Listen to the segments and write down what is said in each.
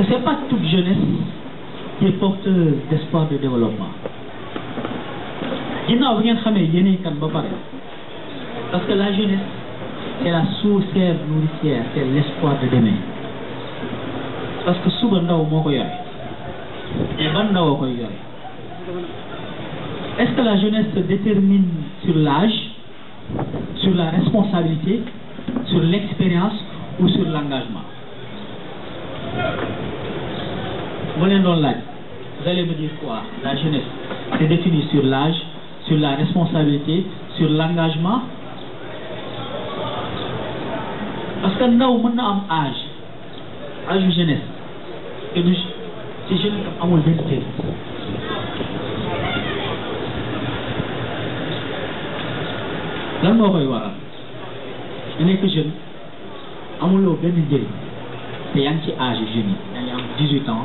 que ce n'est pas toute jeunesse qui est porteuse d'espoir de développement. Il rien Parce que la jeunesse, c'est la source nourricière, c'est l'espoir de demain. Parce que souvent, nous avons Et Est-ce que la jeunesse se détermine sur l'âge, sur la responsabilité, sur l'expérience ou sur l'engagement vous allez me dire quoi la jeunesse c'est défini sur l'âge sur la responsabilité sur l'engagement parce que nous, un na un âge de jeunesse Et nous, ci jeune tam de benn ans. lan moo koy waral nga nekk jeune amuloo benn dire. te yaa ngi ci âge jeune 18 ans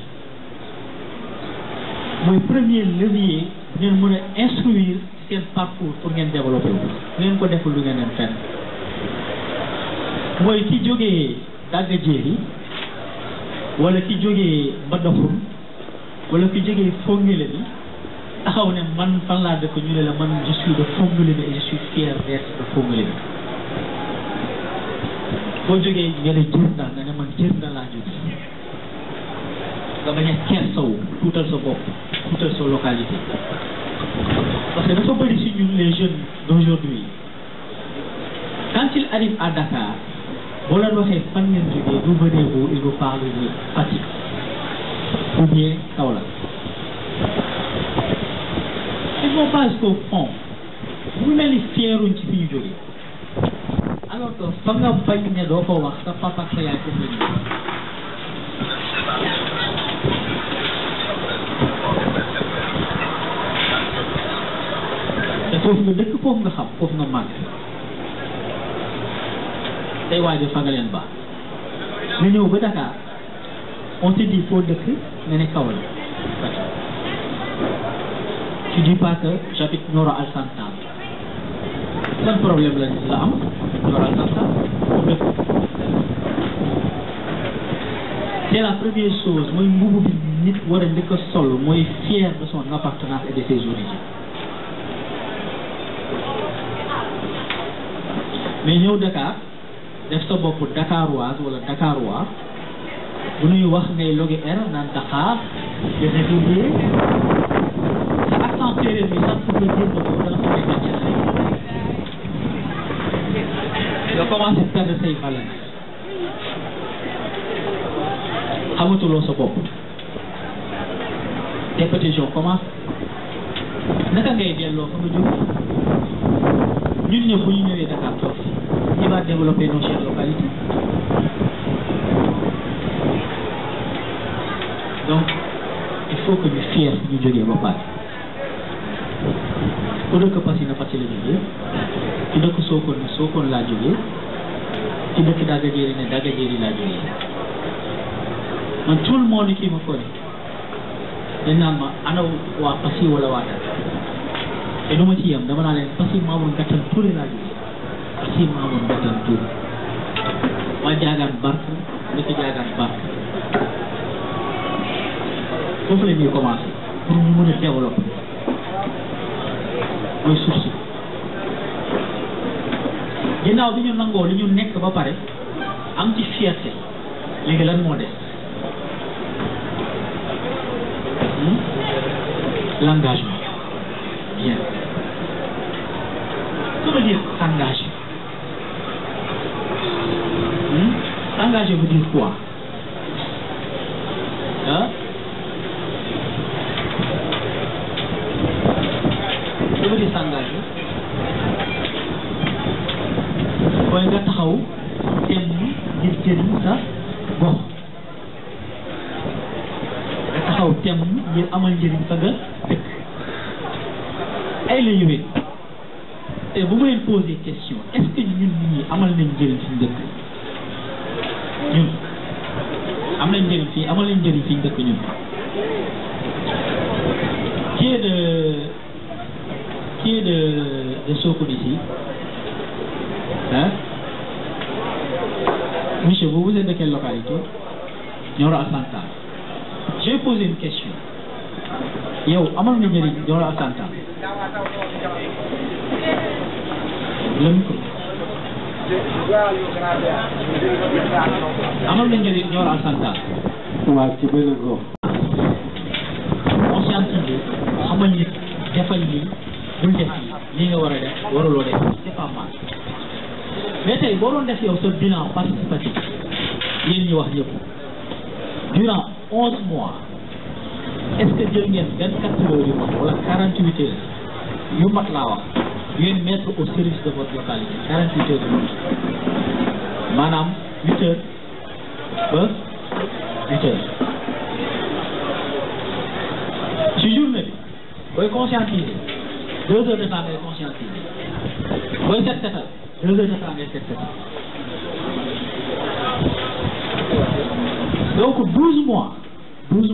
mooy premier levier ngeen mën a instruire seen parcours pour ngeen développé wu ngeen ko deful lu ngeen dem fenn mooy ki jógee dagga jéeri wala ki jógee Mbadakhoune wala ki jógee Fongilé bi taxaw ne man fan laa dëkk ñu ne la man je suis de Fongilé bi et je suis bi boo jógee nga ne jër na nga man jër na laa revenir Kerso, Koutal Sobo, Koutal Sobo localité. Parce que ne sont pas ici les jeunes d'aujourd'hui. Quand ils arrivent à Dakar, vous leur dites, fan vous venez vous, ils vous parlent de fatigue. Ou bien Kaola. Ils vont pas jusqu'au fond. Vous mettez les fier un petit peu aujourd'hui. Alors que, quand vous ne pouvez pas vous ça. vous ne pouvez pas vous dire, foofu nga dëkk foofu nga xam foofu nga màgg tey waajur fa nga leen baax nga ñëw ba Dakar on te dit foo dëkk nga ne Kaolack tu dis pas que j'habite Nioro Alassane Tall ban problème la la am Nioro Alassane Tall c'est la première chose mooy mbubu bi nit war a njëkk a sol mooy fier de son appartenance et de mais ñëw Dakar def sa bopp dakaroise wala dakarois bu nuy wax ngay loge R naan Dakar dene du sa accent séeréer bi sax pour nga sa bopp tes petits jours naka ngay delloo fa nga jóg Il va développer nos chères localités donc il faut que nous fier du jógee que pas que dëkk Passy Faty la jógee la dëkk Il Sokone laa la ne la tout le monde qui me connaît ma pas te lu ma ci yem dama naa leen fas yi maamoon gàttal tuuri laa gis fas maamoon gàttal tuuri waa jaagaan barke ni ko jaagaan barke foofu la ñuy pour ñu mën a mooy suuf si ginnaaw bi ñu nangoo li ñu nekk ba pare am ci fierté léegi lan moo des hmm? l'engagement je vous dis quoi une question yow amal nga njëriñ dans la santé amal nga njëriñ dans la santé waaw ci benn góor conscientiser xamal nit defal bul def lii nga war a def waruloo def c'est pas mal mais tey boo doon def yow sa bilan participatif yéen ñu wax ñëpp est-ce que jël ngeen vingt quatre heures yu mat wala quarante huit heures yu mat laa wax ngeen mettre au service de votre localité quarante huit heures yu mat maanaam huit heures ba huit heures ci journée bi booy conscientiser deux heures de temps ngay conscientiser booy set setal deux heures de temps ngay set setal donc douze mois douze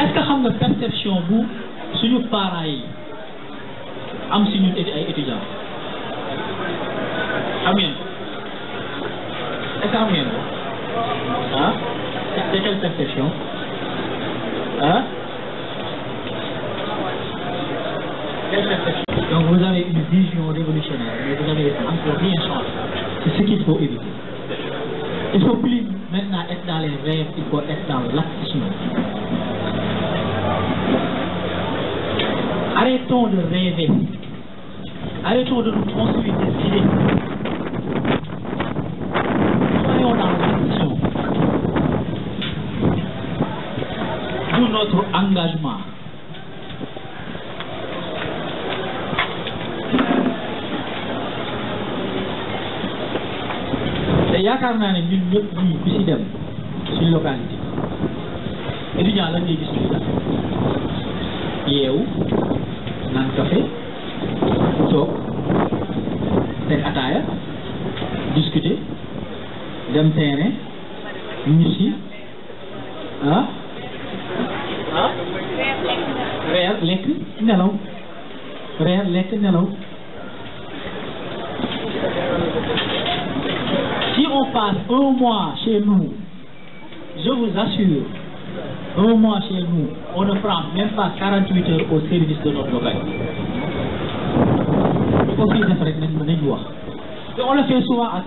est-ce que a perception vous sur nous, yi am si nous étions étudiants Amen. est-ce que Hein c'est quelle perception Hein quelle perception donc vous avez une vision révolutionnaire mais vous n'avez encore rien changé c'est ce qu'il faut éviter il ne faut plus maintenant être dans les rêves il faut être dans la semble rêver. À autour de nous, on des idées. Soyons dans l'action. D'où notre engagement. Et te yaakaar naa ne ñun ñëpp ñii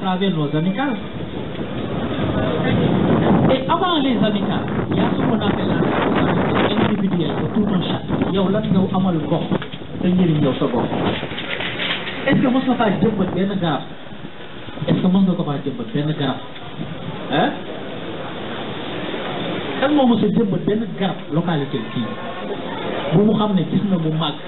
travers nos amicales. Et avant les amicales, il y a ce qu'on appelle la responsabilité individuelle de tout un chacun. yow lan nga amal gox te njëriñ yow sa gox est-ce que mos nga faa jëmbat benn garab est-ce que mos nga ko faa jëmbat benn garab ah kan moo mos a jëmbat benn garab localité kii bu mu xam ne gis na mu màgg.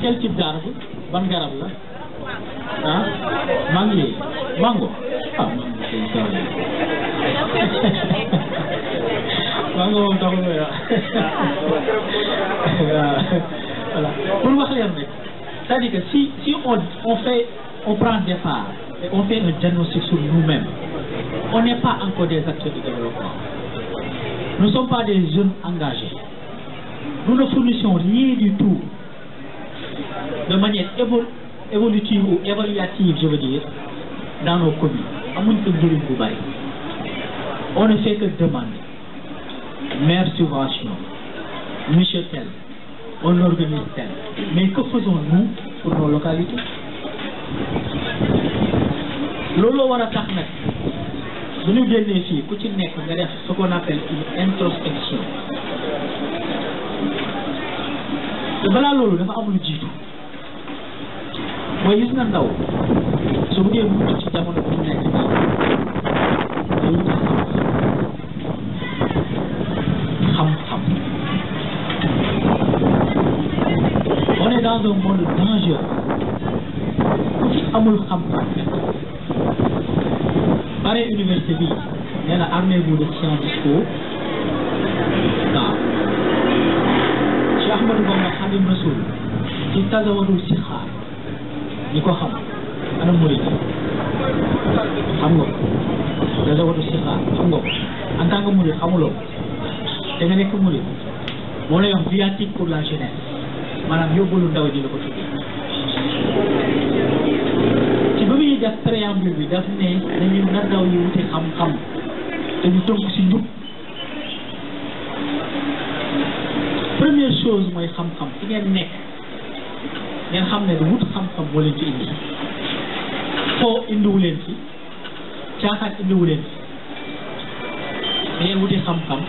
quel type d'arbre ban garab bango ah mangue mango ah mango mango on taxul voilà pour wax leen mec. c'est-à-dire que si si on on fait on prend des parts et on fait un diagnostic sur nous-mêmes on n'est pas encore des acteurs de développement nous ne sommes pas des jeunes engagés nous ne fournissons rien du tout de manière évol évolutive ou évaluative je veux dire amuñ ko njëriñ bu bari on ne fait que demander maire subvention monsieur tel organise tel mais que faisons-nous pour nos localités looloo war a tax nag bu ñu génnee fii ku ci nekk nga def ce qu'on appelle introspection te balaa loolu dafa am jiitu ويزنا النوم سوريا ممكن تتعمل بمنا On est dans un monde dangereux. amul xam-xam pare université bi nee na armée bu de science ko waaw Cheikh Ahmadou Bamba Khadim Rasoul ci tasawadu si xaar ñi ko xam ana murid xam nga ko gazawatu sixaar xam nga ko en tant que murid xamuloo da nga nekk murid moo lay wax viatique pour la jeunesse maanaam yóbbalu ndaw ji la ko tuddee ci ba muy def préambule bi daf ne nañu na ndaw yi wuti xam-xam te ñu tënk si njub première chose mooy xam-xam fi ngeen nekk ngeen xam ne du wut xam-xam moo leen ci foo indiwu leen ci caaxaan indiwu leen ci ngeen wuti xam-xam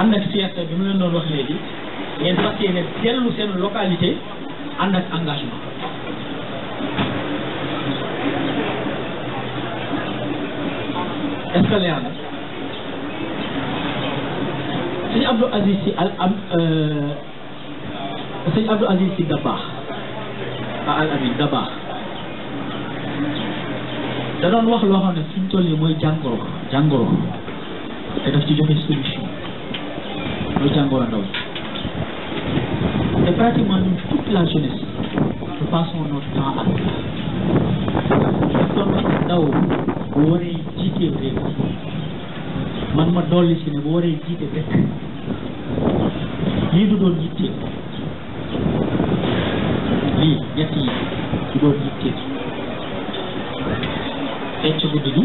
ànd ak fierté bi mu leen doon wax léegi ngeen fas yéene dellu seen localité ànd ak engagement est-ce que leer na al am sëñ Abdou Aziz al amin da baax da wax loo xam ne fi mu toll nii mooy jàngoro jàngoro te daf ci joxe solution mooy jàngoro ndaw te pratiquement ñun toute la jeunesse nous passons notre temps ak kon ndaw bu waree jiite réew man ma dolli si ne bu waree jiite dëkk lii du doon jiite lii ñett yi ci doon yittee fecc guddi gi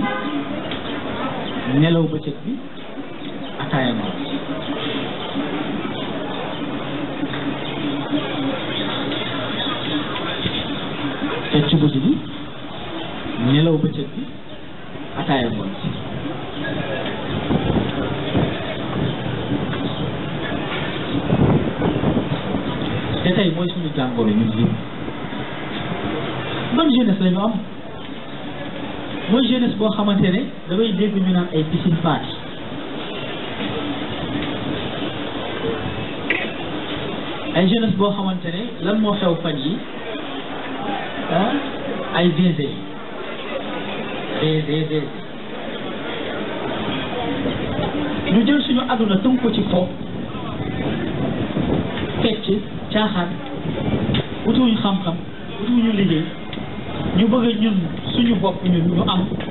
nelaw bëccëg bi gis boo xamante ne damay dégg ñu naan ay piscine party ay jeunesse boo xamante ne lan moo xew fan yi ah, ay baiser yi baiser ñu jël suñu àdduna tënk ko ci fo fecc caaxaan utuwuñu xam-xam utuwuñu liggéey ñu bëgg ñun suñu bopp ñun ñu am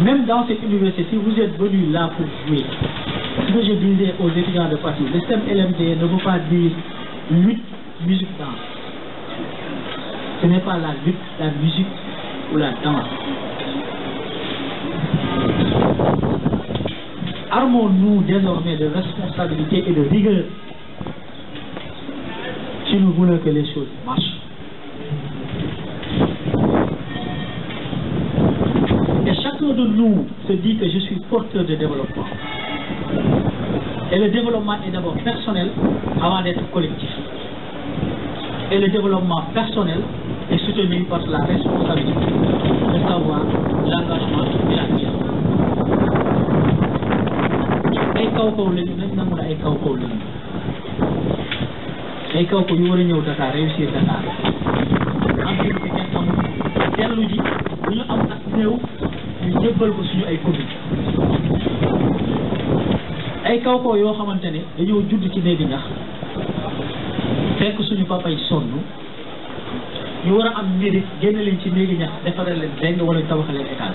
même dans cette université si vous êtes venu là pour jouer ce que je disais aux étudiants de partie, le système LMD ne veut pas dire lutte musique danse ce n'est pas la lutte la musique ou la danse nous désormais de responsabilité et de rigueur si nous voulons que les choses marchent. Et chacun de nous se dit que je suis porteur de développement. Et le développement est d'abord personnel avant d'être collectif. Et le développement personnel est soutenu par la responsabilité de savoir kaw-kaw lañu nañ nangu ne ay kaw-kaw lañu ay kaw-kaw yu war a ñëw Dakar réussir Dakar am dellu ji bu ñu am ak néew ñu jébbal ko suñu ay commune ay kaw-kaw yoo xamante ne dañoo judd ci néegi ñax fekk suñu papay sonn ñu war a am mérite génne leen ci néegi ñax defaral leen deng wala tabaxal leen état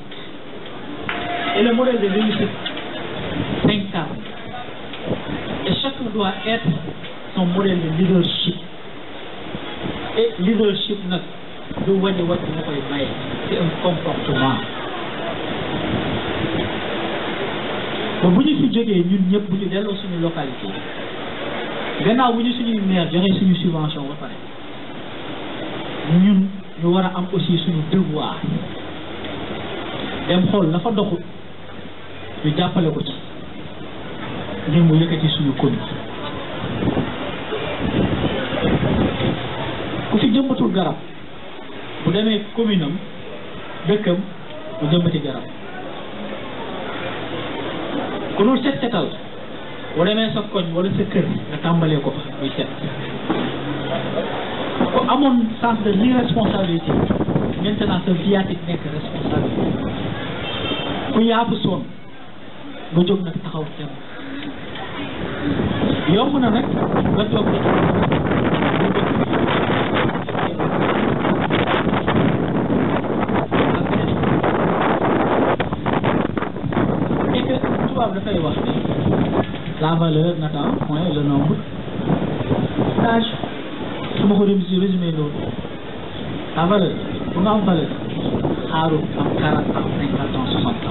et le modèle de réussite incarne. Et chacun doit être son modèle de leadership. Et leadership nag du wane wat moo koy maye c'est un comportement. ba bu ñu fi jógee ñun ñëpp bu ñu delloo suñu localité gannaaw bu ñu suñuy maire joxe suñu subvention ba pare ñun ñu war a am aussi suñu devoir dem xool la fa ñu jàppale ko ci ngir mu yëkkati suñu commune ku fi jëmbatul garab bu demee commune am dëkkam mu jëmbati garab ku dul set setal bu demee sa koñ wala sa kër nga tàmbalee ko fa muy set ku amoon sens de l'irresponsabilité maintenant sa viatique nekk responsabilité ku yaabu soon nga jóg taxaw dem yomb na nag nga toog nag et que tubaab dafay wax ne la valeur n'attend point le nombre d'âge su ma ko loolu la valeur bu nga am valeur xaaru am quarante ans cinquante ans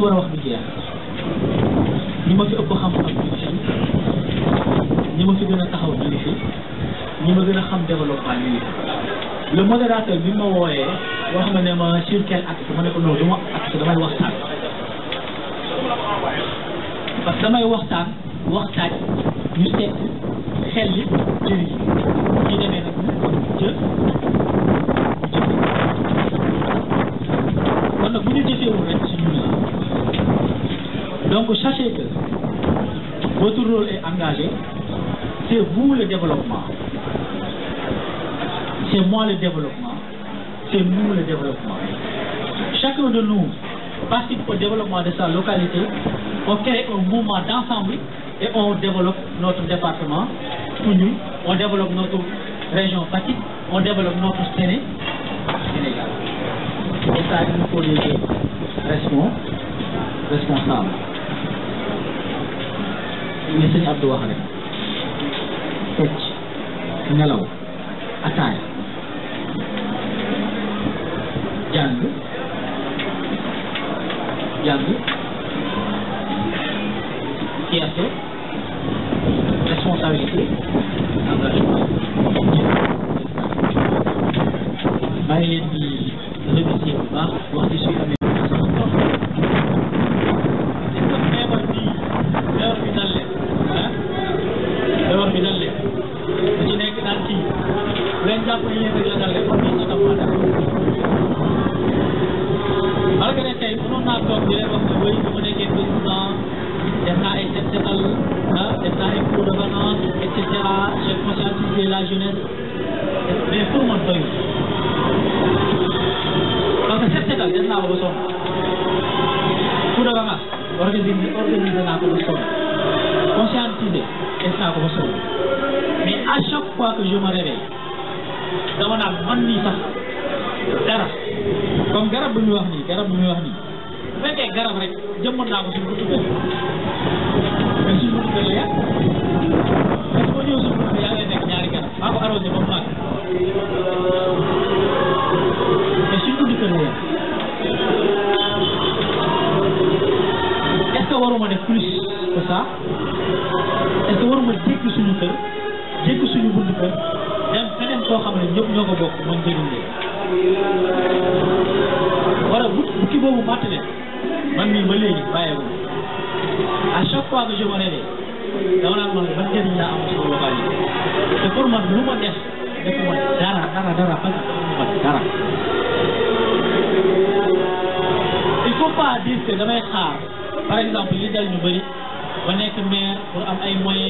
war a wax bu jeex ñi ma fi ëpp xam-xam ñu fi ñi ma fi gën a taxaw ñu fi ñi ma gën a xam développement ñu fi le modérateur bi ma wooyee wax ma ne ma sur quel axe ma ne ko non du ma axe damay waxtaan parce que damay waxtaan développement. C'est moi le développement. C'est nous le développement. Chacun de nous participe au développement de sa localité. On crée un mouvement d'ensemble et on développe notre département. nous, on développe notre région Fatigue, on développe notre Sénégal. Et ça, il nous faut les responsables. à nelaw ataaya jàng jàng fierté responsabilité engagement maa ngi leen di remercier bu baax wax di suy amee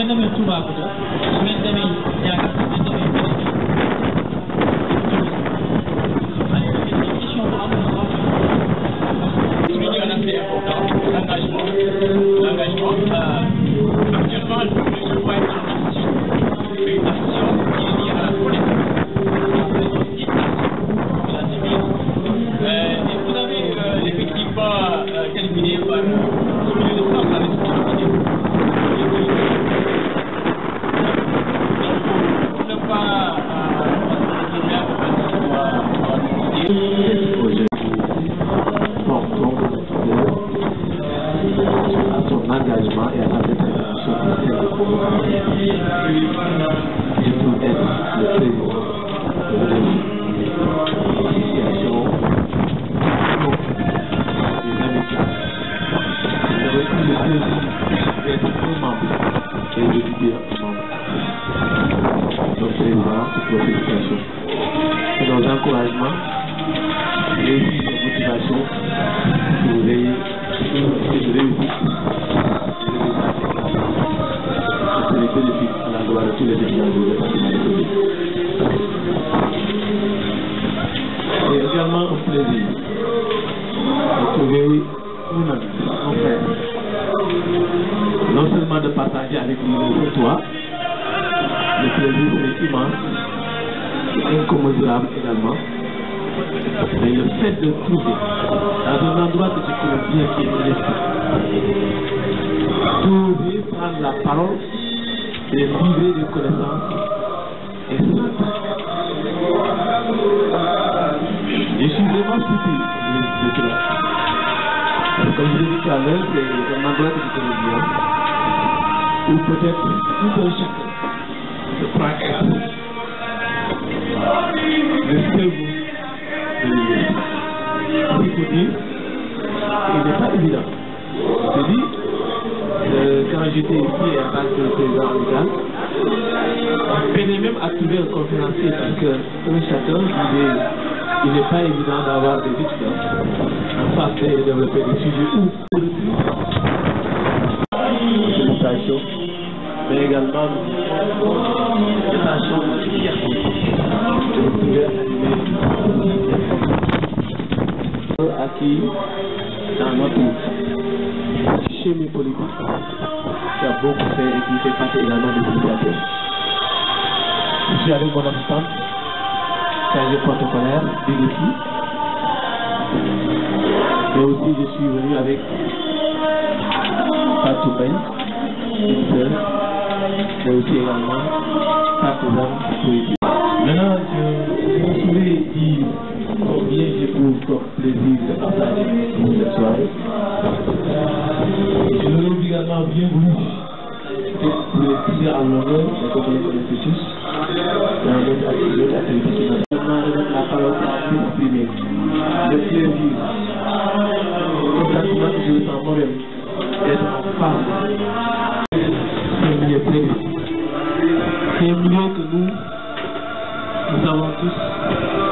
Venga, me chupa. de trouver mon ami, un frère, Non seulement de partager avec lui le toi, le plaisir c'est immense, incommensurable également. Mais le fait de trouver dans un endroit que tu connais bien qui est l'esprit, trouver, prendre la parole et vivre de connaissances et je suis vraiment stupide de là. Comme je l'ai dit tout à l'heure, c'est un anglais qui te bien. Ou peut-être tout un chacun. Je prends un coup. Laissez-vous de C'est il n'est pas évident. Je dis, euh, quand j'étais ici à base de président Amical, je peinais même à trouver un conférencier parce que un château disait il n'est pas évident d'avoir des étudiants en face de développer des sujets ou félicitations, mais également de façon de fierté de pouvoir animer acquis dans notre mes politique qui a beaucoup fait et qui fait partie également des éducateurs. Je suis avec mon assistante. Et aussi, je suis venu avec Fatou Ben, une et aussi également Patou Kouébi. Maintenant, je, voulais dire combien je trouve comme plaisir de partager C'est un en C'est mieux que nous, nous avons tous,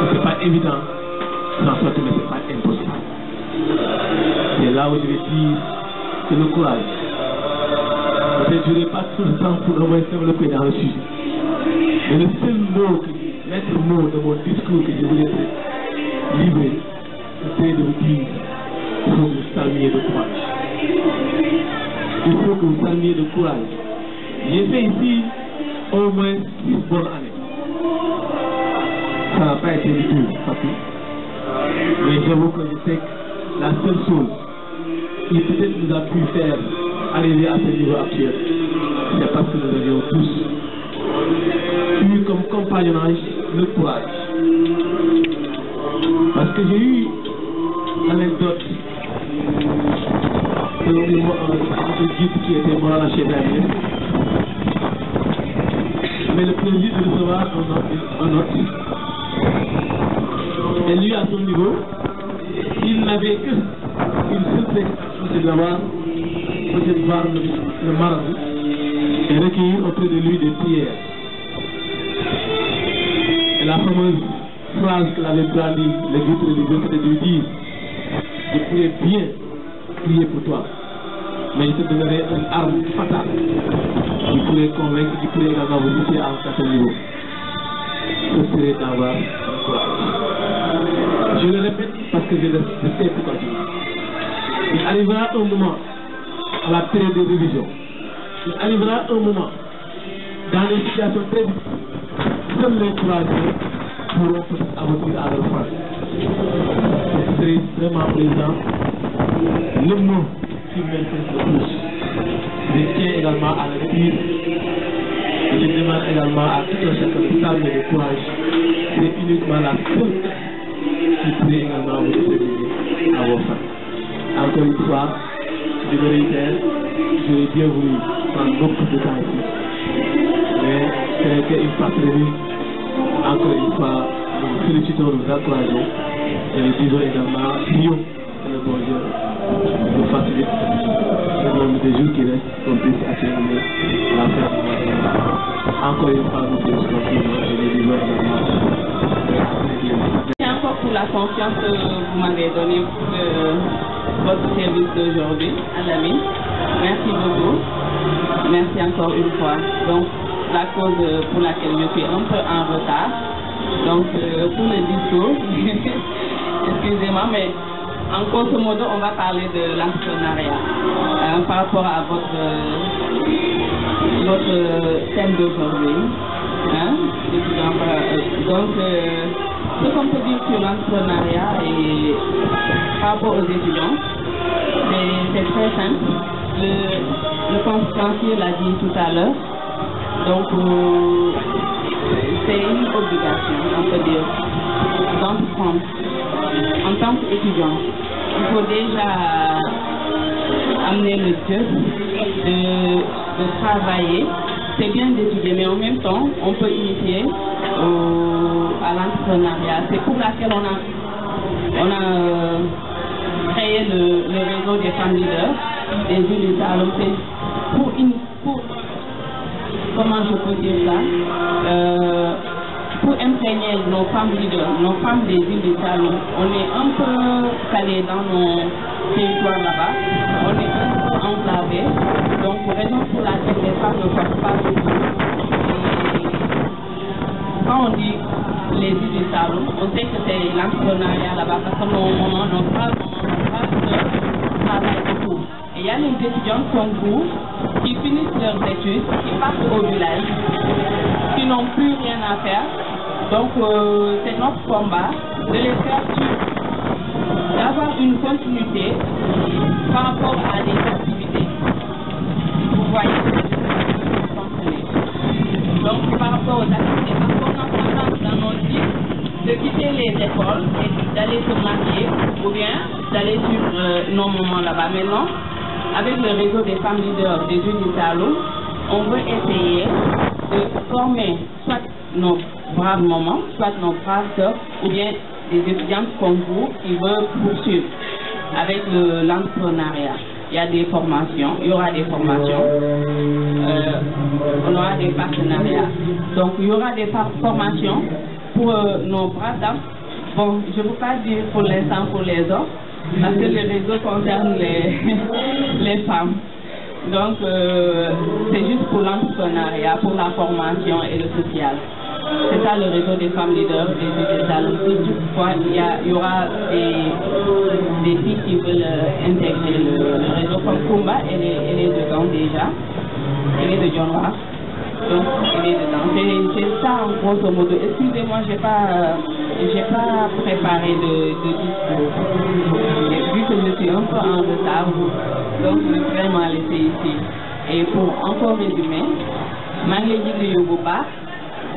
ce n'est pas évident, sans mais ce n'est pas impossible. C'est là où je vais dire, que le courage. Je n'ai pas tout le temps pour me développer dans le sujet. Et le seul mot, le mot de mon discours que je voulais livrer, c'est de vous dire il faut que vous saluer de courage. Il faut que vous saliez de courage. J'ai fait ici au moins six bonnes années. Ça n'a pas été du tout facile. Mais j'avoue que je sais que la seule chose qui peut-être nous a pu faire arriver à ce niveau actuel, c'est parce que nous avions tous eu comme compagnonnage le courage. Parce que j'ai eu l'anecdote un, guide qui était mort chez Daniel. Mais le plaisir de recevoir un autre. Et lui, à son niveau, il n'avait que une seule préoccupation, c'est d'avoir peut-être voir le, et recueillir auprès de lui des prières. Et la fameuse phrase que l'avait brandie de religieuse, c'était de lui dire, je pourrais bien prier pour toi mais il se donnerait une arme fatale Tu pourrais convaincre, qu'il pourrait avoir vous lutter à un certain niveau. Ce serait d'avoir courage. Je le répète parce que je, le, sais pourquoi je dis. Il arrivera un moment, à la période de révision, il arrivera un moment, dans une situation très difficiles, seuls les courageux pourront aboutir à leur fin. Je serai vraiment présent le mot je tiens également à la lecture. Je demande également à tout un chacun de table le courage. C'est uniquement la faute qui peut également vous prévenir à vos femmes. Encore une fois, je vous réitère, j'aurais bien voulu prendre beaucoup de temps ici. Mais ce n'est une patrie. Encore une fois, nous félicitons, nous encourageons et nous disons également, prions le bon Dieu. Merci encore pour la confiance que vous m'avez donnée pour euh, votre service d'aujourd'hui à Merci beaucoup. Merci encore une fois. Donc, la cause pour laquelle je suis un peu en retard. Donc, euh, pour le discours, excusez-moi, mais en grosso modo, on va parler de l'entrepreneuriat euh, par rapport à votre, euh, euh, thème d'aujourd'hui. Hein. Donc, ce qu'on peut dire sur l'entrepreneuriat et par rapport aux étudiants, c'est très simple. Le, le conférencier l'a dit tout à l'heure. Donc, c'est une obligation, on peut dire, d'entreprendre en tant qu'étudiant, il faut déjà amener le Dieu de, travailler. C'est bien d'étudier, mais en même temps, on peut initier à l'entrepreneuriat. C'est pour laquelle on a, on a euh, créé le, réseau des femmes leaders, des de pour, une, pour, comment je peux dire ça, euh, pour imprégner nos femmes leaders, nos femmes des villes de Salon. On est un peu calé dans nos territoires là-bas, on est un peu enclavé. Donc, raison pour laquelle les femmes ne passent pas souvent. Quand on dit les îles du Salon, on sait que c'est l'entrepreneuriat là-bas, parce que nos mamans, on femmes, de travail du beaucoup. Et il y a les étudiants qui sont qui finissent leurs études, qui passent au village, qui n'ont plus rien à faire donc euh, c'est notre combat de les faire d'avoir une continuité par rapport à des activités. Vous voyez Donc par rapport aux activités, parce qu'on a tendance dans nos vies de quitter les écoles et d'aller se marier ou bien d'aller suivre euh, nos moments là-bas. Maintenant, avec le réseau des femmes leaders des Unisalo, on veut essayer de former chaque nos braves soit nos braves ou bien des étudiants comme vous qui veulent poursuivre avec l'entrepreneuriat. il y a des formations, il y aura des formations, euh, on aura des partenariats. Donc il y aura des formations pour euh, nos braves dames. Bon, je ne peux pas dire pour l'instant pour les hommes, parce que le réseau concerne les, femmes. Donc, euh, c'est juste pour l'entrepreneuriat, pour la formation et le social. C'est ça le réseau des femmes leaders des du il y, il y aura des, filles qui veulent euh, intégrer le, réseau comme Kumba, elle est, elle dedans déjà. Elle est de John Donc, elle est dedans. C'est ça en grosso modo. Excusez-moi, je n'ai pas, j'ai pas préparé de, discours. vu que je suis un peu en retard, donc je vais vraiment laisser ici. Et pour encore résumer, Mangledi de Yogoba,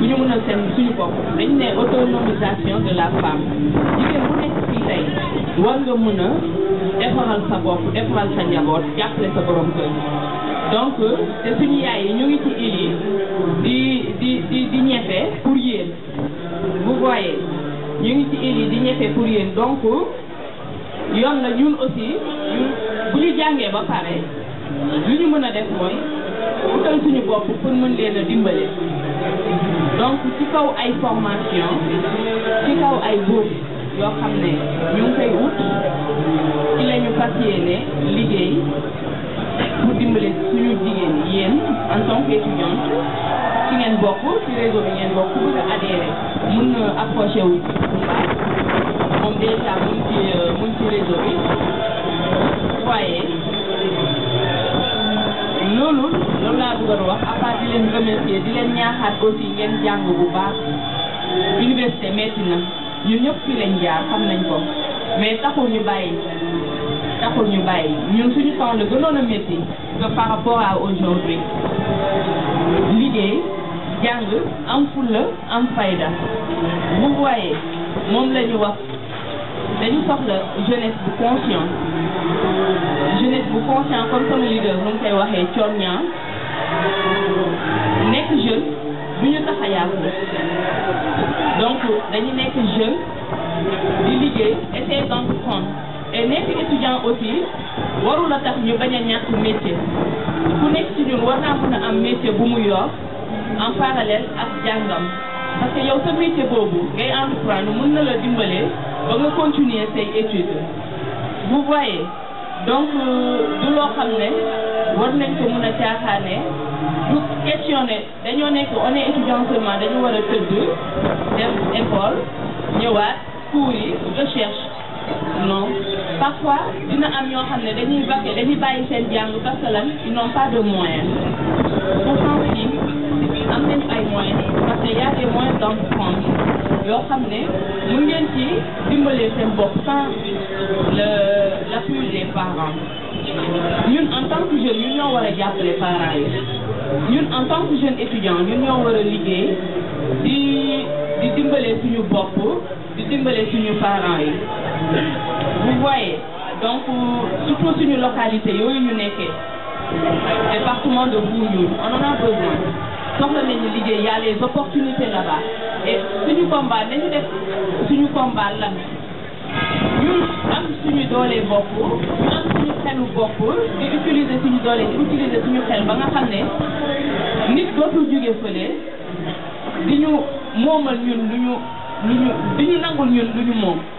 bu ñu mënal seen suñu bopp dañ ne autonomisation de la femme jigéen bu nekk fii tey war nga mën a defaral sa bopp defaral sa njaboot jàppale sa borom kër donc te suñu yaay yi ñu ngi ci île di di di di ñefe pour yéen vous voyez ñu ngi ci île yi di ñefe pour yéen donc yoon la ñun aussi ñu bu ñu jàngee ba pare lu ñu mën a def mooy utal suñu bopp pour mën leen dimbale Lankou, si ka ou ay formasyon, si ka ou ay vop, yo akamne, yon peyout, ki la yon patye ene, ligye yon, kou dimbele si yon diyen, yon, an ton peyout yon, ki yon boku, ki rezo yon boku, ade, moun euh, akroche yon, moun deye euh, sa moun ki rezo yon, kwa yon. loolu loolu laa bëggoon wax à part di leen remercier di leen ñaaxaat aussi ngeen jàng bu baax université metti na ñun ñëpp fii lañ jaar xam nañ ko mais taxul ñu bàyyi taxul ñu bàyyi ñun suñu soxla gënoon a métti que par rapport à aujourd'hui liggéey jàng am fulla am fayda vous voyez moom la ñu wax dañu soxla jeunesse bu conscient conscient comme sama leader nu mu koy waxee Thione Niang nekk jeune bu ñu tax a yàqu donc dañu nekk jeune di liggéey essayer d'entreprendre et nekk étudiant aussi warul la tax ñu bañ a ñàkk métier ku nekk ci ñun war naa mën am métier bu mu yor en parallèle ak jàngam parce que yow sa métier boobu ngay entreprendre mën na la Dimbalé, ba nga continuer say études vous voyez donc euh, du loo xam ne war nañ ko mën a caaxaane du question ne dañoo nekk on est étudiant seulement dañu war a tëdd dem école ñëwaat cours yi recherche non parfois dina am ñoo xam ne dañuy bakke dañuy bàyyi seen jàng parce que lan pas de moyens pourtant fii am nañ ay moyens parce que des moyens d'emprunter yoo xam ne mun ngeen ci dimbalee seen bopp sans le l'appui des parents ñun en tant que jeune ñun ñoo war a jàppale parents ñun en tant que jeune étudiant ñun ñoo wara a liggéey di di dimbalee suñu bopp di dimbalee suñu parents vous voyez donc surtout suñu localité yooyu ñu nekkee département de Goundiougne on en a besoin Sonde menye ligye, ya le zopportunite la ba. E sounou komba, menye dek sounou komba la mi. Yon anp sounou dole vopo, yon anp sounou tenu vopo, e utilize sounou dole, utilize sounou tenu. Vanga kane, nik do tout yuge fwene, di nou mouman yon, di nou nangoun yon, di nou mouman.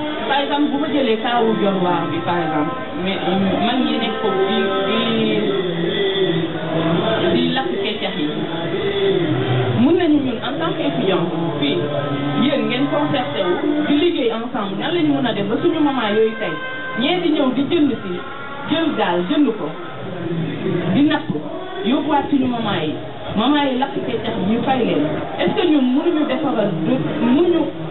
Fayzam, gougele ta ou gyorwa vi fayzam, men yon ekpok di lakik e kya hi. Moun nenyon antaf e fiyan pou fi, yon gen konferte, di ligye ansam, nan lenyon anade mwesou nyon mamay yo itay. Nyen di nyon di djen lupi, djen dal, djen lupo. Dinakpo, yon wak sin yon mamay, mamay lakik e kya hi yon faynen. Ese nyon moun mwen defare, moun yon...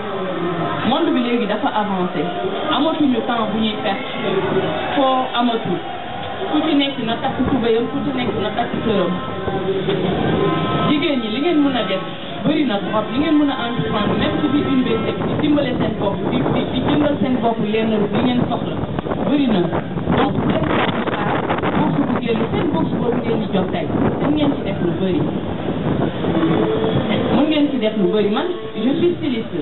Mwande bile yon ki da pa avante. Amotou yon kan wou yon kak. Kou amotou. Koutou nek nan tak kou bayon. Koutou nek nan tak kou rom. Jige yon ni, ligen moun adek. Bori nan kou ap, ligen moun nan anjouman. Mwen kou bi yon besek, bi simbolesen kou. Bi simbolesen kou yon, bi yon kou ap. Bori nan. Mwen kou besek, borsou kou kleri. Sen borsou kou yon diyon tay. Mwen gen ki dek nou bori. Mwen gen ki dek nou bori man. Je fisi liste.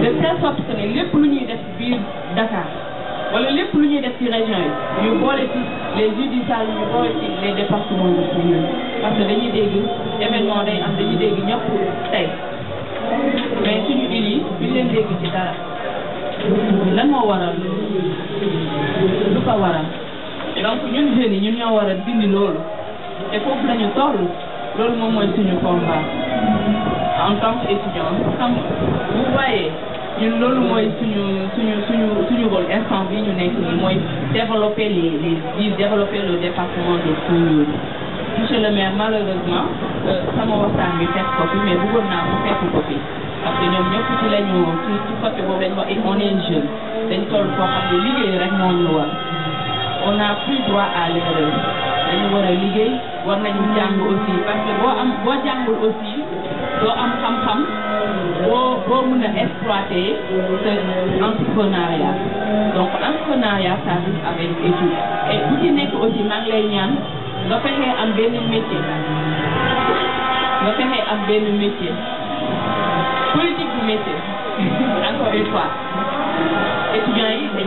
de telle sorte que ne lépp lu ñuy def biir Dakar wala lépp lu ñuy def ci région yi ñu boole ci les villes du Saloum ñu boole ci les départements de Foundiougne parce que dañuy dégg événement day am dañuy dégg ñëpp tey mais suñu il yi biñ leen dégg ci dara lan moo waral lu ko waral donc ñun jeunes yi ñun ñoo war a dindi loolu te foofu la ñu toll loolu moom mooy suñu combat en tant qu'étudiant xam vous voyez ñun loolu mooy suñu suñu suñu suñu rôle instant ñu nekk de développer les les développer le département de monsieur le maire malheureusement euh, sama waxtaan bi fekk mais bëggoon naa fekk ko parce que ñoom ñëpp ci lañu ci ci côté on est jeune dañ toll rek war on a plus droit à l'erreur dañu war a liggéey war nañu jàng aussi parce que boo am boo aussi am pour exploiter entrepreneuriat donc entrepreneuriat ça avec et vous aussi un bel métier vous un bel métier politique du métier encore une fois Et tu viens ici, mais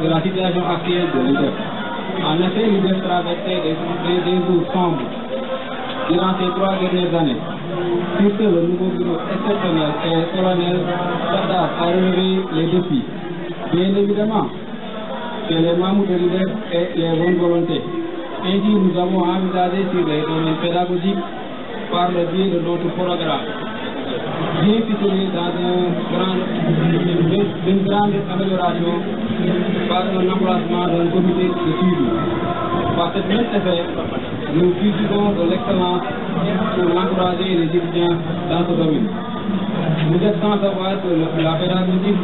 de la situation actuelle de l'UdeF. En effet, l'UDEF traversait des, jours sombres durant ces trois dernières années, puisque le nouveau bureau exceptionnel et colonel s'adapte a relevé les défis. Bien évidemment, c'est les membres de l'UdeF et les bonnes volontés. Ainsi, nous avons envisagé sur les domaines pédagogiques par le biais de notre programme. Bien situé dans une grande amélioration par un emplacement d'un comité de suivi. Par cette même effet, nous utilisons de l'excellence pour encourager les étudiants dans ce domaine. Nous êtes sans savoir que la pédagogie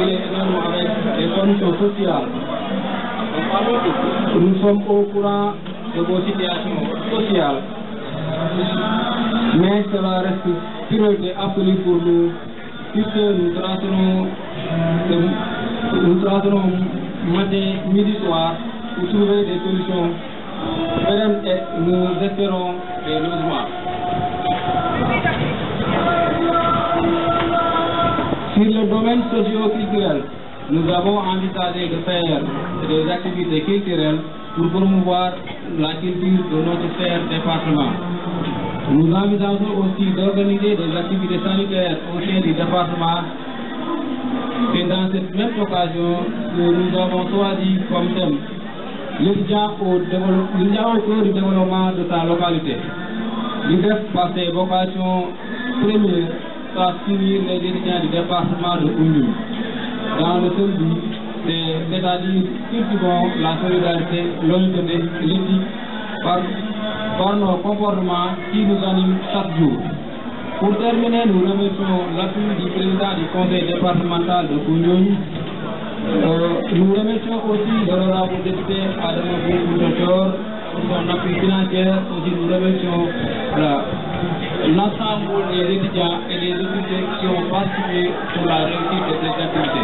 est énorme avec les conditions sociales. Nous sommes au courant de vos situations sociales, mais cela reste priorité absolue pour nous, puisque nous tracerons nous travaillerons matin, midi, soir pour trouver des solutions et nous espérons des logements. Sur le domaine socio nous avons envisagé de faire des activités culturelles pour promouvoir la culture de notre département. Nous envisageons aussi d'organiser des activités sanitaires au sein du département et dans cette même occasion, nous avons choisi comme thème l'idée au, au du développement de sa localité. L'IDEF, par ses vocations premières, à suivre les dirigeants du département de Oumou. Dans le seul but, c'est-à-dire cultivons la solidarité, l'unité, l'éthique par, par nos comportements qui nous animent chaque jour. Pour terminer, nous remercions l'appui du président du conseil départemental de Kounioun. Euh, nous remercions aussi l'honorable député Adam Boukoudachor pour son appui financier. Aussi, nous remercions l'ensemble des étudiants et des députés qui ont participé pour la réussite de cette activité.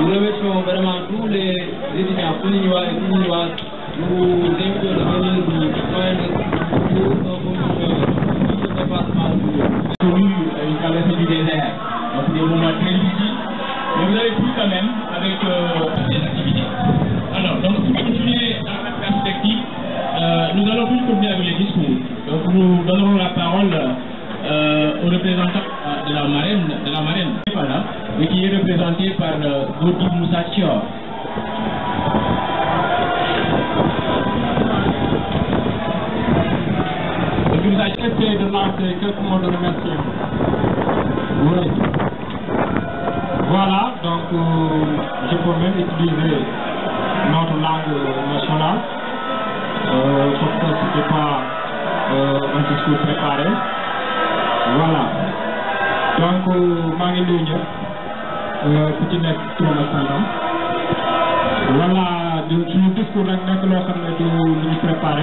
Nous remercions vraiment tous les étudiants kouniois et kounioises. Nous invitons à venir nous joindre pour nos connu une traversée du désert. Donc des moments très difficiles. Mais vous avez pu quand même avec des activités. Alors, donc pour continuer dans la perspective, nous allons plus continuer avec les discours. Donc nous donnerons la parole au représentant de la marraine, de la marraine, voilà, qui est représenté par Gauthier Moussa vous essayé de lancer quelques mots de remerciement. Voilà, donc euh, je peux utiliser notre langue nationale, euh, sauf que ce n'était pas euh, un discours préparé. Voilà. Donc, Mangi Ndiou, petit tout le monde Voilà, suñu discours avec nekk loo préparé.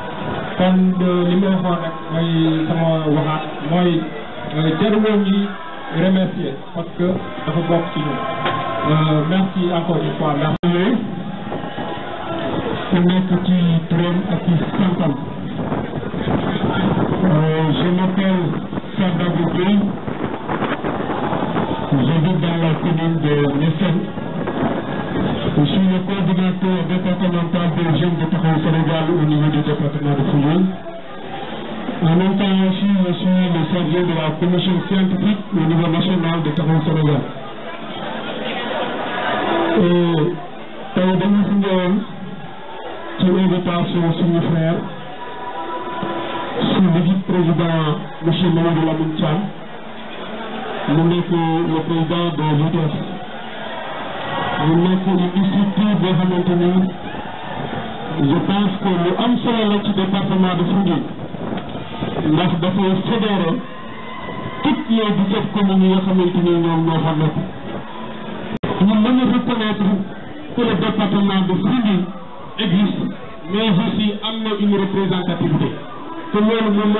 kon li ma waxoon rek mooy sama waxaat mooy jaruloon ñuy remercier parce que dafa bokk ci merci encore une fois ndax ku nekk ci turam ak ci santam je m'appelle Samba je vis dans la commune de Niassène je suis le coordinateur départemental des jeunes de Tahoe Sénégal au niveau du département de Fouillon. En même temps aussi, je suis le sergent de la commission scientifique au niveau national de Tahoe Sénégal. Et Tahoe Denis Fouillon, sur invitation sur mes frères, sous le vice-président M. Mamadou Lamountchan, nommé le président de l'UDF. mu nekk structure boo xamante ni je pense que lu am solo la ci département de Foundiougne ndax dafay fédérer toutes les dix-sept communes yi nga xamante ni ñoom te loolu moom moo gën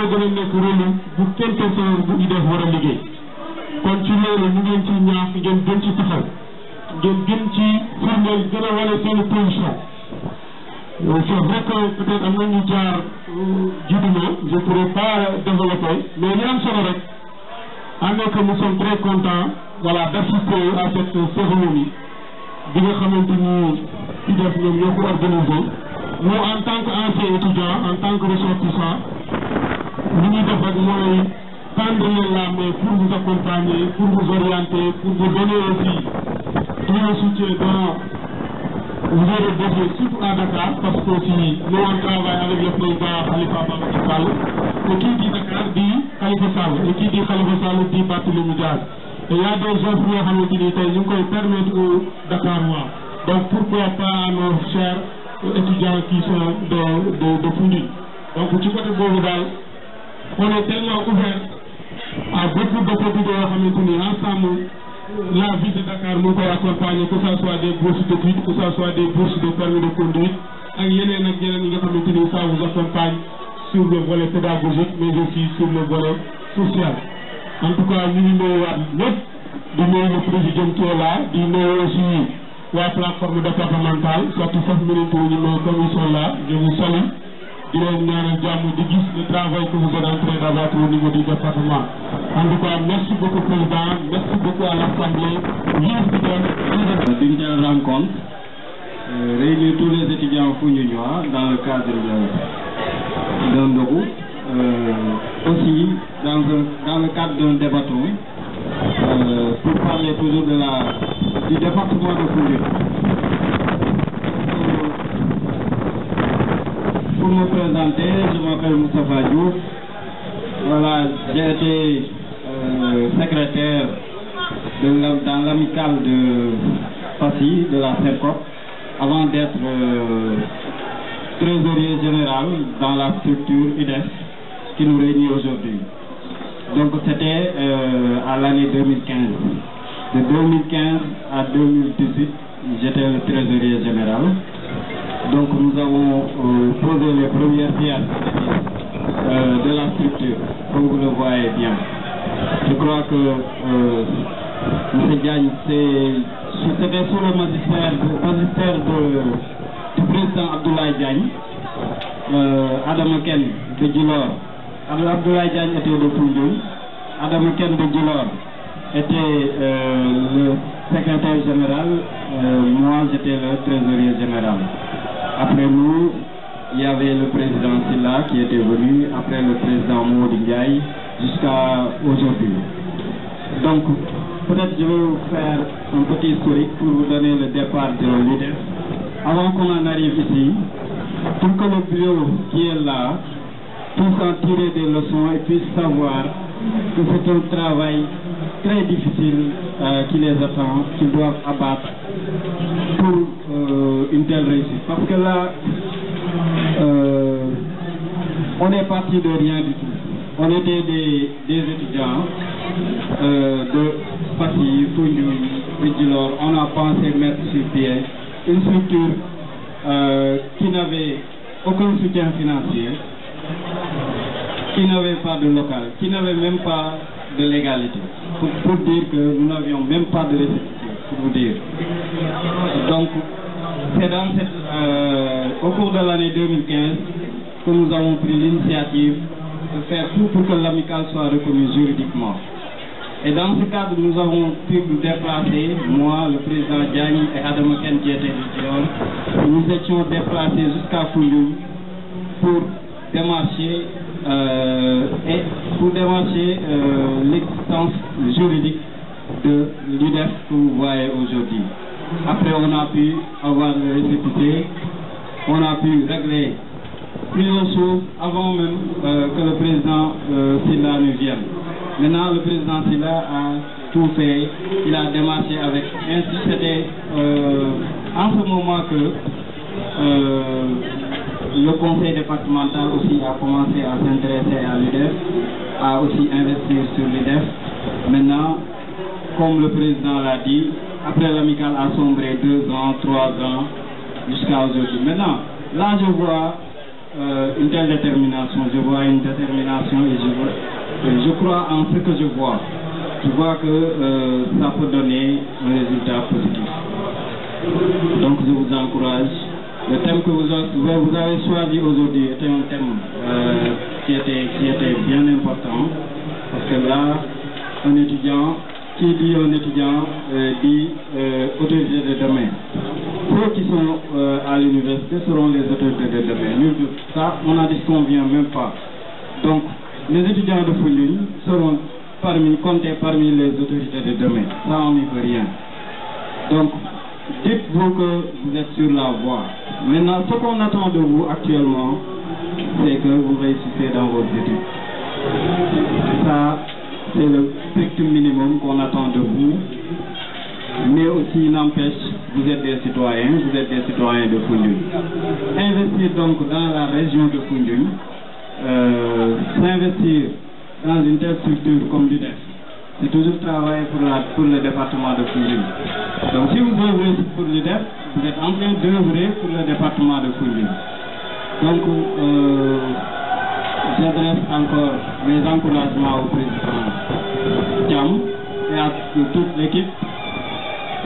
a nekk rôle bu quintessence bu IDEF war a liggéey kon ci loolu ñu ngeen ci ñaax ngeen gën ci de gën de firndeel relation a wane seen position euh, c'est vrai que peut-être un moment ñu jaar euh, jiitu na je pourrais pas développer mais rien ne solo rek en est que nous sommes très contents voilà d'assister à cette cérémonie de l'économie xamante ni ci def organisé nous en tant qu'anciens étudiants en tant que ressortissants nous nous devons rek tendre la main pour vous accompagner pour vous orienter pour vous donner aussi grand soutien dans vous avez déjé surtout à Dakar parce que aussi nous on travaille avec le président Khalifa Babacar Sall et qui dit Dakar dit Khalifa Sall et qui dit Khalifa Sall dit Barthélémy Dias et il y a des gens qui nga xamante ni tey ñu ngi koy permettre aux Dakarois donc pourquoi pas nos chers étudiants qui sont de de de Foundiougne donc ci côté boobu daal on est tellement ouvert à beaucoup de profils yoo xamante ni ensemble la ville de Dakar moo koy accompagner que ça soit des bourses d'études que ça soit des bourses de permis de conduite ak yeneen ak yeneen yi nga xamante ni ça vous accompagne sur le volet pédagogique mais aussi sur le volet social. en tout cas ñu ngi nuyuwaat ñëpp di nuyu le président Tiola di nuyu aussi waa plateforme départementale surtout sax minute ñu nuyu comme ils sont là je vous salue. Il est ñaanal jàmm di gis le travail que vous êtes en train au niveau du département en tout cas merci beaucoup président merci beaucoup à l'assemblée di euh, ngi jël rencontre euh, réunir tous les étudiants foundiougniois euh, dans le cadre d'un groupe, aussi dans le dans le cadre d'un débat pour parler toujours de la du département de Foundiougne pour me présenter, je m'appelle Moustapha Diouf. Voilà, j'ai été euh, secrétaire dans l'amicale de Passy, de la CERCOP, avant d'être euh, trésorier général dans la structure IDES qui nous réunit aujourd'hui. Donc c'était euh, à l'année 2015. De 2015 à 2018, j'étais le trésorier général. Donc nous avons euh, posé les premières pierres euh, de la structure, comme vous le voyez bien. Je crois que euh, M. Gagne, c'était sous le magistère, magistère du président Abdoulaye Gagne, Adam Ken de Gilor. Abdoulaye Gagne était le Président. Adam Ken de Gilor était le secrétaire général, moi j'étais le trésorier général après nous, il y avait le président Silla qui était venu, après le président Ndiaye, jusqu'à aujourd'hui. Donc, peut-être je vais vous faire un petit historique pour vous donner le départ de l'IDEF. Avant qu'on en arrive ici, pour que le bureau qui est là puisse en tirer des leçons et puisse savoir que c'est un travail très difficile euh, qui les attend, qu'ils doivent abattre parce que là, euh, on est parti de rien du tout. On était des, étudiants euh, de Fatih, Founioui, On a pensé mettre sur pied une structure euh, qui n'avait aucun soutien financier, qui n'avait pas de local, qui n'avait même pas de légalité. Pour, dire que nous n'avions même pas de récit pour vous dire. Donc, c'est euh, au cours de l'année 2015 que nous avons pris l'initiative de faire tout pour que l'AMICAL soit reconnue juridiquement. Et dans ce cadre, nous avons pu nous déplacer, moi, le président Diagne et Adam Ken qui était nous étions déplacés jusqu'à Foulou pour démarcher euh, démarcher euh, l'existence juridique de l'UDEF que vous voyez aujourd'hui. Après, on a pu avoir le récipité, On a pu régler plusieurs choses avant même euh, que le président euh, Silla ne vienne. Maintenant, le président Silla a tout fait. Il a démarché avec. Ainsi, c'était euh, en ce moment que le conseil départemental aussi a commencé à s'intéresser à l'UDEF, a aussi investi sur l'UDEF. Maintenant, comme le président l'a dit, après, l'amicale a sombré deux ans, trois ans, jusqu'à aujourd'hui. Maintenant, là, je vois euh, une telle détermination, je vois une détermination et je, je crois en ce que je vois. Je vois que euh, ça peut donner un résultat positif. Donc, je vous encourage. Le thème que vous, vous avez choisi aujourd'hui était un thème euh, qui, était, qui était bien important, parce que là, un étudiant qui dit un étudiant dit euh, euh de demain. Ceux qui sont euh, à l'université seront les autorités de demain. ça, on dit qu'on vient même pas. Donc, les étudiants de Fouline seront parmi, comptés parmi les autorités de demain. Ça, on n'y peut rien. Donc, dites-vous que vous êtes sur la voie. Maintenant, ce qu'on attend de vous actuellement, c'est que vous réussissez dans vos études. Ça, c'est le strict minimum qu'on attend de vous. Mais aussi, n'empêche, vous êtes des citoyens, vous êtes des citoyens de Foundiou. Investir donc dans la région de Foundiou, euh, s'investir dans une telle structure comme l'UDEF. c'est toujours travailler pour, le département de Foundiou. Donc si vous œuvrez pour l'UDEF, vous êtes en train d'œuvrer pour le département de Foundiou. Donc, euh, j'adresse encore mes encouragements au président Thiam et à toute l'équipe.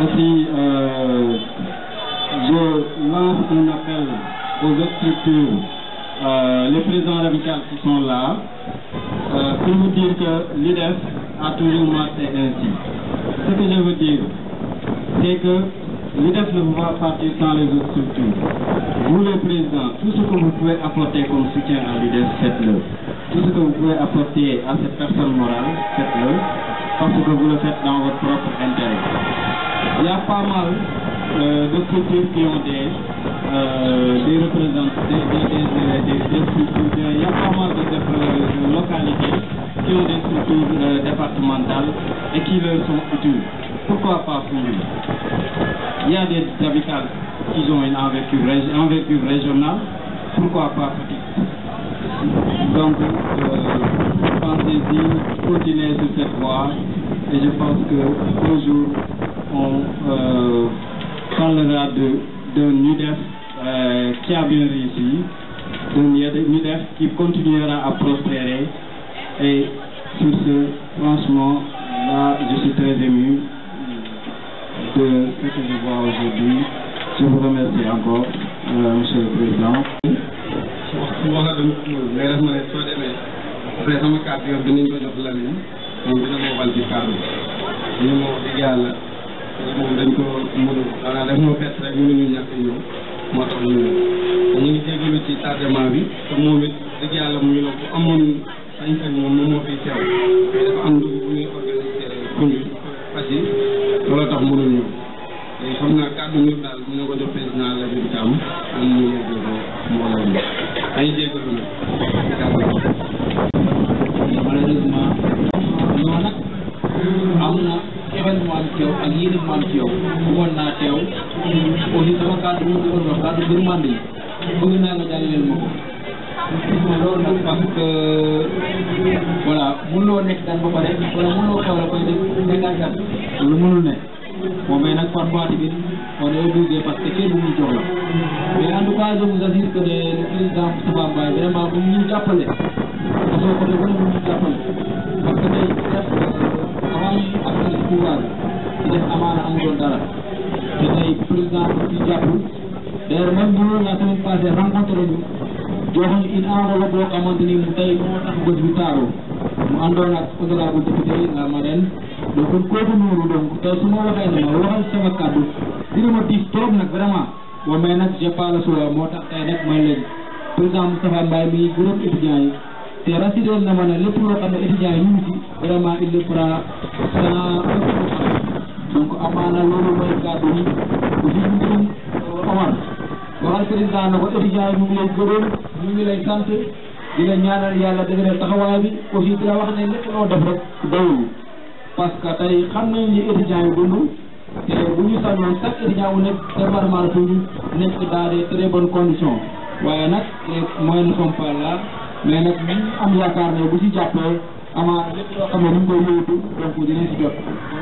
Aussi, euh, je lance un appel aux autres structures, euh, les présidents radicaux qui sont là, euh, pour vous dire que l'IDEF a toujours marché ainsi. Ce que je veux dire, c'est que L'IDES ne le pas partir sans les autres structures. Vous les présidents, tout ce que vous pouvez apporter comme soutien à l'IDES, faites-le. Tout ce que vous pouvez apporter à cette personne morale, faites-le, parce que vous le faites dans votre propre intérêt. Il y a pas mal euh, de structures qui ont des, euh, représentants, des, structures, il y a pas mal de, euh, localités qui ont des structures départementales et qui leur sont utiles. Pourquoi pas pour nous il y a des habitants qui ont une envergure, régionale, pourquoi pas Donc, euh, pensez-y, continuez sur cette voie, et je pense qu'un jour, on euh, parlera de, de NUDEF euh, qui a bien réussi, d'un NUDEF qui continuera à prospérer, et sur ce, franchement, là, je suis très ému de ce que je vois aujourd'hui. Je vous remercie encore, euh, Monsieur le Président. après sama kàddu yoon dinañ ko jox Lamine moom dina ma wal ci kàddu ñu ma wax dëgg yàlla moom dañ ko mënu maanaam daf ñoo fekk rek mënuñu ñàkk ñëw moo tax ñu ñu ngi jégalu ci tardement bi te moom it dëgg yàlla mu ñu la bu amoon sañ-sañ moom moom moo fiy teew dafa am dugg bu ñuy organiser conduite fas yi bu la tax mënul ñëw léegi xam naa kàddu ñëpp daal mën na ko jox président la bi tam am ñu yëgee ko mbooloo mi dañuy jégalu nag malheureusement non nag am na xewen maam teew ak yéene maam teew bëggoon naa teew aussi sama kàddu mu bëggoon wax kàddu gërmande yi bëgg naa nga jàllale ma ko loolu nag parce que voilà mënuloo nekk daan ba pare wala mënuloo xew la koy def nekkaat lu mënul ne bon mais nag parfois tamit on est obligé parce que kenn mënul jox la mais en tout cas je vous assure que le président Moustapha Mbaye vraiment bu ñu jàppale façon côté bu ne bu ñu jàppale parce que tey def avant ñu accès pouvoir ci def amaana amuloon dara te tey président ci jàppul d'ailleurs même bu ñu la semaine passée rencontré ñu joxoon une enveloppe boo xamante ni mu tey moo tax bés bu taaroo mu àndoon ak honorable député la marraine donc kon kooku noonu donc te su ma waxee ne ma waxal sama kàddu dina ma diis nag vraiment waaw mais nag j'ai pas le choix moo tax tey nag man leen président Moustapha Mbaye mi gërëm étudiants yi te rassuré na ma ne lépp loo xam ne étudiants yi ñu ngi ci vraiment il mooy kàddu yi aussi ñu ngi euh, Omar waxal na ko étudiants yi ñu ngi lay gërëm ñu ngi lay la ñaanal yàlla dëgg taxawaay bi aussi di la wax ne lépp loo parce que tey xam nañ ni étudiants yi bu ñu sañoon chaque étudiant bu nekk département de nekk dans des très bonnes waaye nag les moyens ne sont pas am yaakaar ne bu ci jàppee amaat lépp loo xam ne ñu ngi koy yóotu donc dinañ ci jot.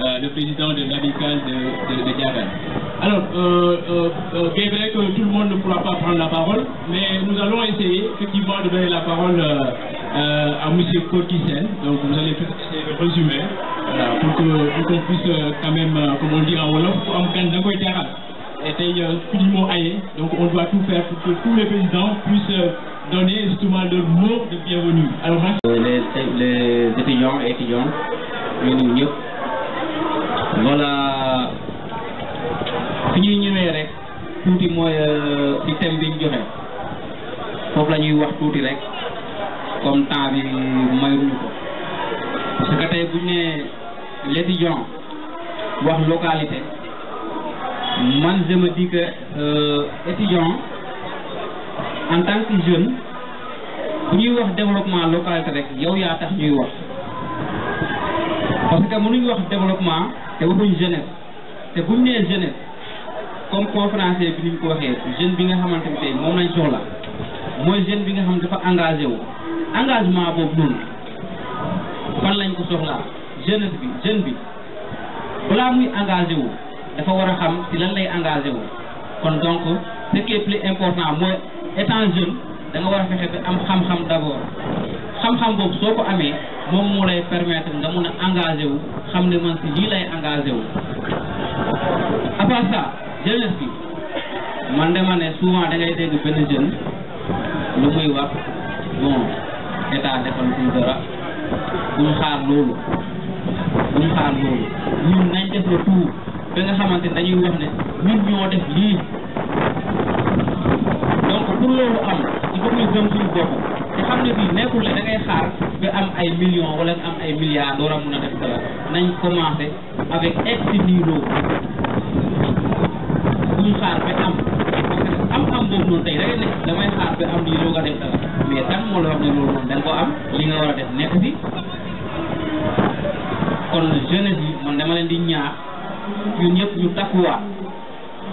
Euh, le président de l'amicale de, de, Alors, euh, euh, euh vrai que tout le monde ne pourra pas prendre la parole, mais nous allons essayer effectivement de donner la parole à M. Kotissen. Donc, vous allez faire essayer de résumer pour qu'on puisse quand même, comme on dit en Wolof, en Kandango et donc on doit tout faire pour que tous les présidents puissent donner justement le mot de bienvenue. Alors, les, les étudiants et étudiantes, voilà fi ñuy ñëwee rek tuuti mooy ci euh, thème bi ñu foofu la wax tuuti rek comme temps bi mayuñu ko parce tey bu ñu nee l'étudiant wax localité man je me euh, étudiant en tant que jeune bu ñuy wax développement localité rek yow yaa tax ñuy wax parce que mënuñu wax développement. te waxuñ jeunesse te buñ nee jeunesse comme conférencier bi ni ñu ko waxee jeune bi nga xamante ne tey moom lañ soxla mooy jeune bi nga xam dafa engagé wu engagement boobu noonu fan lañ ko soxlaa jeunesse bi jeune bi balaa muy engagé dafa war a xam ci lañ lay engagé wu kon donc ce qui est plus important mooy étant jeune da nga war a fexe ba am xam-xam d'abord xam-xam boobu soo ko amee. moom moo lay permettre nga mun a engagé xam ne man si lii lay engagé wu à part man dama ne souvent da ngay benn jeune lu muy wax bon état defal kuñ dara xaar loolu buñ xaar loolu ñun nañ def le tout ba xamante dañuy wax ne ñun ñoo def lii donc pour loolu am il faut ñu gëm suñu bopp xam ne bii nekkul ne da ngay xaar nga am ay millions wala nga am ay milliards door a mun a def dara nañ commencé avec ex-nihilo buñ xaar ba am am-am boobu noonu tey da ngay nekk damay xaar ba am lii doog a def dara mais tam moo la wax ne loolu noonu da nga ko am li nga war a def nekk si kon jeunesse yi man dama leen di ñaax ñun ñëpp ñu takkuwaat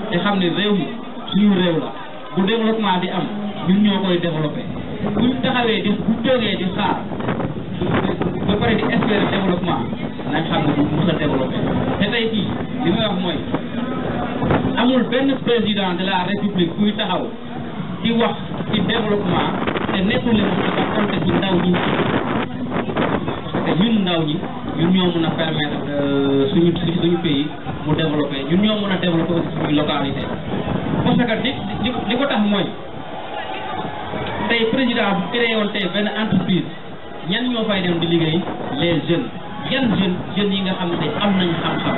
te xam ne réew mi suñu réew la bu développement di am ñun ñoo koy développé. buñ taxawee di buñ jógee di xaar ba pare di espérer développement nañ xam ne du mos a développé te tey fii li may wax mooy amul benn président de la république buy taxaw di wax ci développement te nekkul li moom dafa compte ci ndaw ñi parce que ñun ndaw ñi ñun ñoo mën a permettre euh, suñu suñu pays mu développé ñun ñoo mën a développé aussi suñu localité parce que li li ko tax mooy tey président bu créé tey benn entreprise ñan ñoo fay dem di liggéey les jeunes yan jeunes jeunes yi nga xam am nañ xam-xam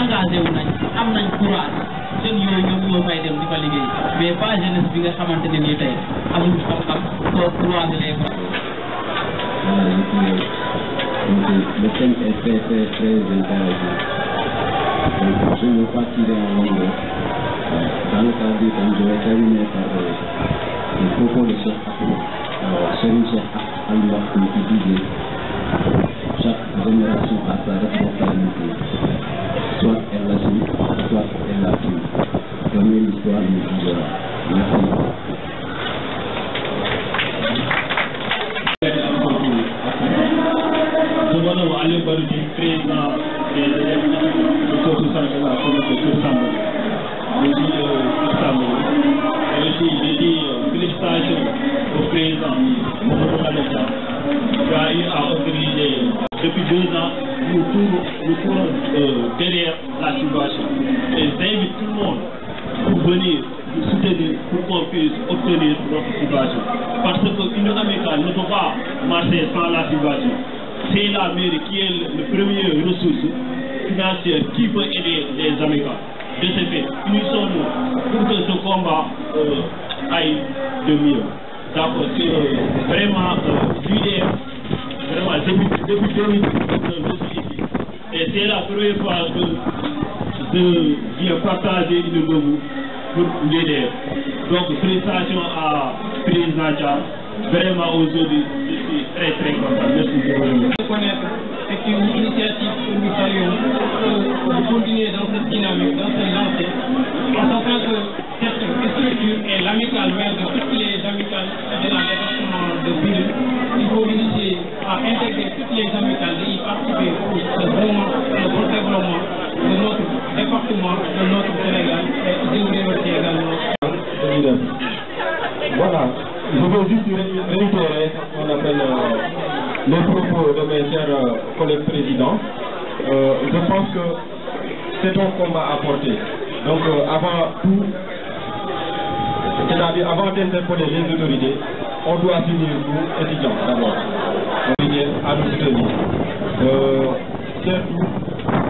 engagé wu am nañ courage jeunes yooyu ñoom ñoo fay dem di fa liggéey mais pas jeunesse bi nga xamante ne nii tey amul xam-xam pour croiser les bras. le thème est très très très intéressant. Donc, je le propos de Cheikh Serigne Cheikh am na lu ko digle chaque génération a sa responsabilité soit elle l'assume soit elle la fuit comme l'histoire nous dira merci Thank you. je dis félicitations au président de qui a eu à organiser depuis deux ans nous nous euh, derrière la situation. Et j'invite tout le monde pour venir nous soutenir pour qu'on puisse obtenir notre situation. Parce que les Américains ne peut pas marcher sans la situation. C'est l'Amérique qui est le premier ressource financière qui peut aider les Américains de ce fait, unissons-nous pour que ce combat euh, aille de mieux. c'est vraiment euh, l'idée, vraiment depuis, depuis 2000 je suis ici. Et c'est la première fois que je viens partager une de vous pour l'aider. Donc félicitations à Président Charles. Vraiment aujourd'hui, je suis très très content. Merci beaucoup. connaître. c'est une initiative que nous saluons, pour continuer dans cette dynamique, dans cette lancée, en sachant que cette structure est l'amicale, mais de toutes les amicales de la département de Ville, il faut initier à intégrer toutes les amicales et y participer pour et le développement de notre département, de notre Sénégal et de l'université également. Voilà je veux juste réitérer ce qu'on appelle euh, les propos de mes chers euh, collègues présidents. Euh, je pense que c'est un combat à porter. Donc avant tout, c'est-à-dire avant d'interpeller les autorités, on doit finir nous, étudiants d'abord. à nous soutenir.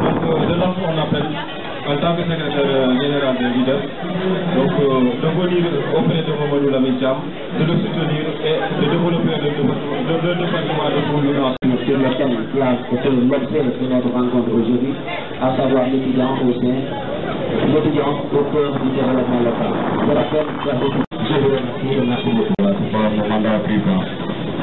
donc de lance qu'on appelle en tant que secrétaire général de l'IDEF, donc euh, de venir auprès de Mamadou Lamitiam, de le soutenir et de développer le département de gouvernance. Sur lequel il place, c'est l'objet de notre rencontre aujourd'hui, à savoir l'étudiant au sein, l'étudiant au cœur du développement local. Je rappelle je vous remercie pour le mandat président.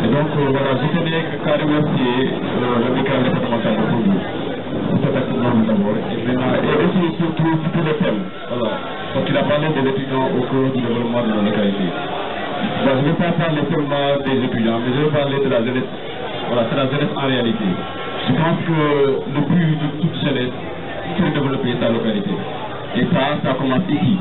Et donc, euh, voilà, je tenais qu'à remercier euh, le départemental de Kourou cet d'abord, et aussi, et se surtout pour les thèmes. Parce qu'il a parlé des étudiants au cours du développement de la localité. je ne vais pas parler seulement des étudiants, mais je vais parler de la jeunesse. Voilà, c'est la jeunesse en réalité. Je pense que le but de toute jeunesse, c'est de développer sa localité. Et ça, ça commence ici,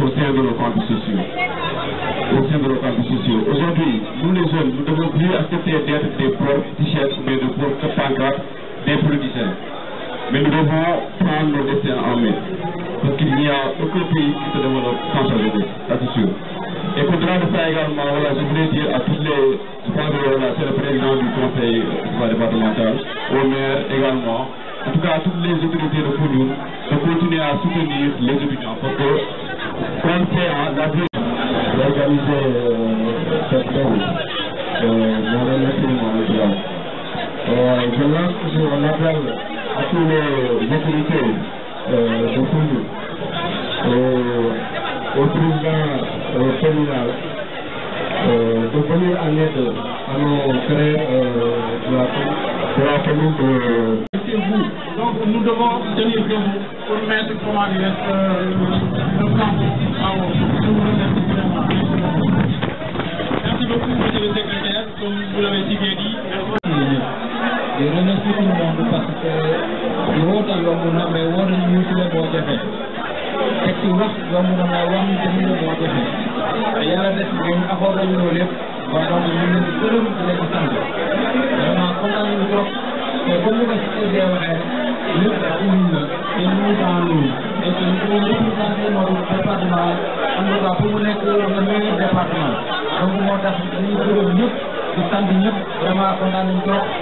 au sein de nos campus sociaux. Au sein de nos campus sociaux. Aujourd'hui, nous les jeunes, nous ne devons plus accepter d'être des pauvres t mais mais des pauvres pancartes des politiciens. Mais nous devons prendre nos destins en main. Parce qu'il n'y a aucun pays qui se développe sans changer ça c'est sûr. Et pour de ça également, voilà, je voulais dire à tous les, je pense que c'est le président du conseil départemental, au maire également, en tout cas à toutes les autorités de Kounou, de continuer à soutenir les étudiants. Parce que, comme c'est hein, la vie d'organiser euh, cette euh, mon l'État, euh, je lance un appel à tous les autorités euh, de Foundou, euh, au président euh, euh, de venir en aide à nos frères de, la, commune de. beaucoup. Donc nous devons tenir compte pour mettre comment dire le ah Merci beaucoup, monsieur le secrétaire, comme vous l'avez si bien dit. di remercier tout le monde parce que di woote yomb na mais woo nañu si la boo jafe ci wax yomb na mais wax ñu si tey waxee lépp uñu la te ñu ngi dans loolu ñu représenté notre département en tout cas pour mu nekk le meilleur département donc moo tax dañuy gërëm ñëpp di sant ñëpp vraiment kontaan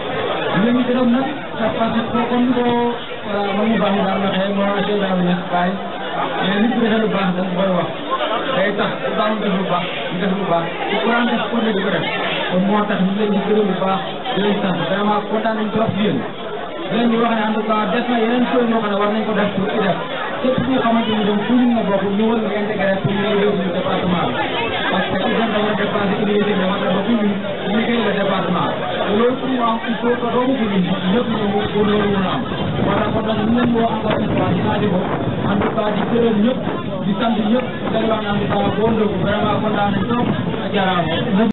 ñu ngi gërëm nag parce que comme ko ma ñu baax daan waxee ma Cheikh Ibrahima Niass Baye mais nit ku defee lu baax dañ koy wax day tax ku baax ñu def lu baax ñu def lu baax ku kuraan def ko ne di ko moo tax ñu leen di gërëm lu baax di leen sant vraiment kontaan nañ trop ci yéen leen ñu wax ne en tout cas des na yeneen choses yoo xam ne war nañ ko def pour ci def képp ku xamante ni donc toujours nga bokk ñu war nga intégré pour ñu ñëw suñu département bi parce que ci dem dafa dépassé université dafa dafa toujours loolu pour mu am il faut que doomu ko ñun ñëpp ñëw loolu mën a am. voilà kon nag ñun ñoo àndal ci waa Sadio en tout cas di gërëm ñëpp di sant ñëpp di leen wax naan di ko wax bon